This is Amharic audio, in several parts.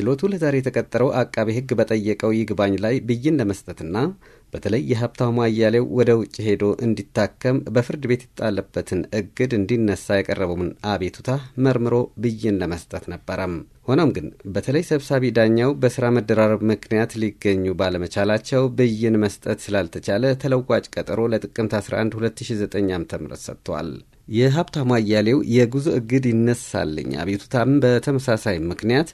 ችሎቱ ለዛሬ የተቀጠረው አቃቤ ሕግ በጠየቀው ይግባኝ ላይ ብይን ለመስጠትና በተለይ የሀብታሙ አያሌው ወደ ውጭ ሄዶ እንዲታከም በፍርድ ቤት የተጣለበትን እግድ እንዲነሳ የቀረበውን አቤቱታ መርምሮ ብይን ለመስጠት ነበረም። ሆኖም ግን በተለይ ሰብሳቢ ዳኛው በስራ መደራረብ ምክንያት ሊገኙ ባለመቻላቸው ብይን መስጠት ስላልተቻለ ተለዋጭ ቀጠሮ ለጥቅምት 11 2009 ዓ.ም ሰጥቷል። የሀብታሙ አያሌው የጉዞ እግድ ይነሳልኝ አቤቱታም በተመሳሳይ ምክንያት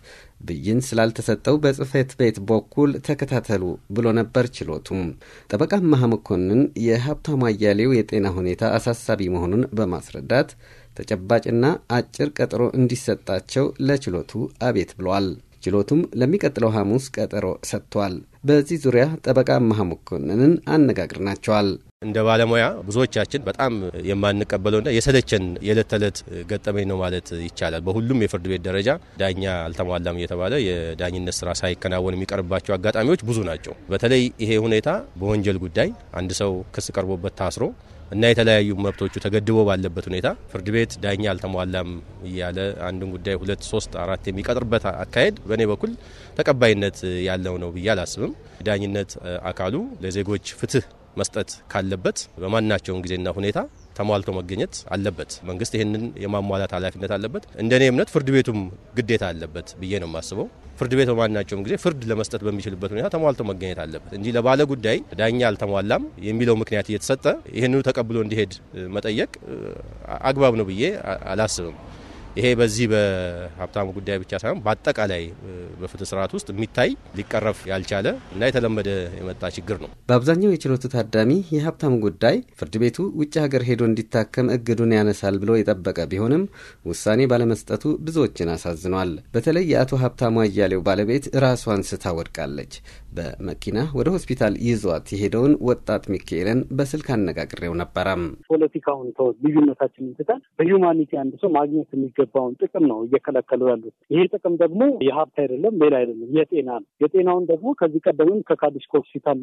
ብይን ስላልተሰጠው በጽፈት ቤት በኩል ተከታተሉ ብሎ ነበር ችሎቱም ጠበቃ መሀ መኮንን የሀብታሙ አያሌው የጤና ሁኔታ አሳሳቢ መሆኑን በማስረዳት ተጨባጭና አጭር ቀጠሮ እንዲሰጣቸው ለችሎቱ አቤት ብሏል። ችሎቱም ለሚቀጥለው ሐሙስ ቀጠሮ ሰጥቷል። በዚህ ዙሪያ ጠበቃ መሀ መኮንንን አነጋግርናቸዋል። እንደ ባለሙያ ብዙዎቻችን በጣም የማንቀበለውና የሰለቸን የዕለት ተዕለት ገጠመኝ ነው ማለት ይቻላል። በሁሉም የፍርድ ቤት ደረጃ ዳኛ አልተሟላም እየተባለ የዳኝነት ስራ ሳይከናወን የሚቀርብባቸው አጋጣሚዎች ብዙ ናቸው። በተለይ ይሄ ሁኔታ በወንጀል ጉዳይ አንድ ሰው ክስ ቀርቦበት ታስሮ እና የተለያዩ መብቶቹ ተገድቦ ባለበት ሁኔታ ፍርድ ቤት ዳኛ አልተሟላም እያለ አንድን ጉዳይ ሁለት ሶስት አራት የሚቀጥርበት አካሄድ በእኔ በኩል ተቀባይነት ያለው ነው ብዬ አላስብም። ዳኝነት አካሉ ለዜጎች ፍትህ መስጠት ካለበት በማናቸውም ጊዜና ሁኔታ ተሟልቶ መገኘት አለበት። መንግስት ይህንን የማሟላት ኃላፊነት አለበት። እንደኔ እምነት ፍርድ ቤቱም ግዴታ አለበት ብዬ ነው የማስበው። ፍርድ ቤት በማናቸውም ጊዜ ፍርድ ለመስጠት በሚችልበት ሁኔታ ተሟልቶ መገኘት አለበት እንጂ ለባለ ጉዳይ ዳኛ አልተሟላም የሚለው ምክንያት እየተሰጠ ይህንኑ ተቀብሎ እንዲሄድ መጠየቅ አግባብ ነው ብዬ አላስብም። ይሄ በዚህ በሀብታሙ ጉዳይ ብቻ ሳይሆን በአጠቃላይ በፍትህ ስርዓት ውስጥ የሚታይ ሊቀረፍ ያልቻለ እና የተለመደ የመጣ ችግር ነው። በአብዛኛው የችሎቱ ታዳሚ የሀብታሙ ጉዳይ ፍርድ ቤቱ ውጭ ሀገር ሄዶ እንዲታከም እግዱን ያነሳል ብሎ የጠበቀ ቢሆንም ውሳኔ ባለመስጠቱ ብዙዎችን አሳዝኗል። በተለይ የአቶ ሀብታሙ አያሌው ባለቤት ራሷን ስታ ወድቃለች። በመኪና ወደ ሆስፒታል ይዟት የሄደውን ወጣት ሚካኤልን በስልክ አነጋግሬው ነበረም። ፖለቲካውን ልዩነታችንን ትተን በሂውማኒቲ አንድ ሰው ማግኘት የሚገ የሚገባውን ጥቅም ነው እየከለከሉ ያሉት። ይሄ ጥቅም ደግሞ የሀብት አይደለም፣ ሌላ አይደለም፣ የጤና ነው። የጤናውን ደግሞ ከዚህ ቀደምም ከካዲስኮ ሆስፒታል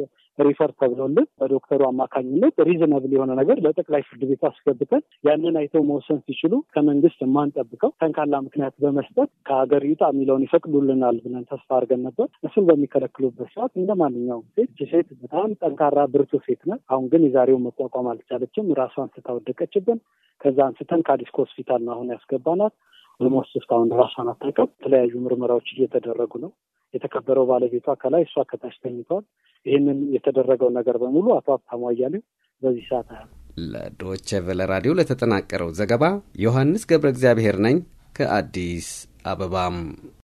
ሪፈር ተብሎልን በዶክተሩ አማካኝነት ሪዝነብል የሆነ ነገር ለጠቅላይ ፍርድ ቤት አስገብተን ያንን አይተው መወሰን ሲችሉ ከመንግስት የማንጠብቀው ተንካላ ምክንያት በመስጠት ከሀገር ይውጣ የሚለውን ይፈቅዱልናል ብለን ተስፋ አድርገን ነበር። እሱን በሚከለክሉበት ሰዓት እንደ ማንኛውም ሴት ሴት በጣም ጠንካራ ብርቱ ሴት ነ አሁን ግን የዛሬውን መቋቋም አልቻለችም። ራሷን ስታወደቀችብን ከዛ አንስተን ካዲስኮ ሆስፒታል ነው አሁን ያስገባናል። ምክንያት ኦልሞስት እስካሁን ድረስ አታውቅም። የተለያዩ ምርመራዎች እየተደረጉ ነው። የተከበረው ባለቤቷ ከላይ እሷ ከታች ተኝተዋል። ይህንን የተደረገው ነገር በሙሉ አቶ ሀብታሙ አያሌው በዚህ ሰዓት አያሉ። ለዶቼ ቬለ ራዲዮ ለተጠናቀረው ዘገባ ዮሐንስ ገብረ እግዚአብሔር ነኝ ከአዲስ አበባም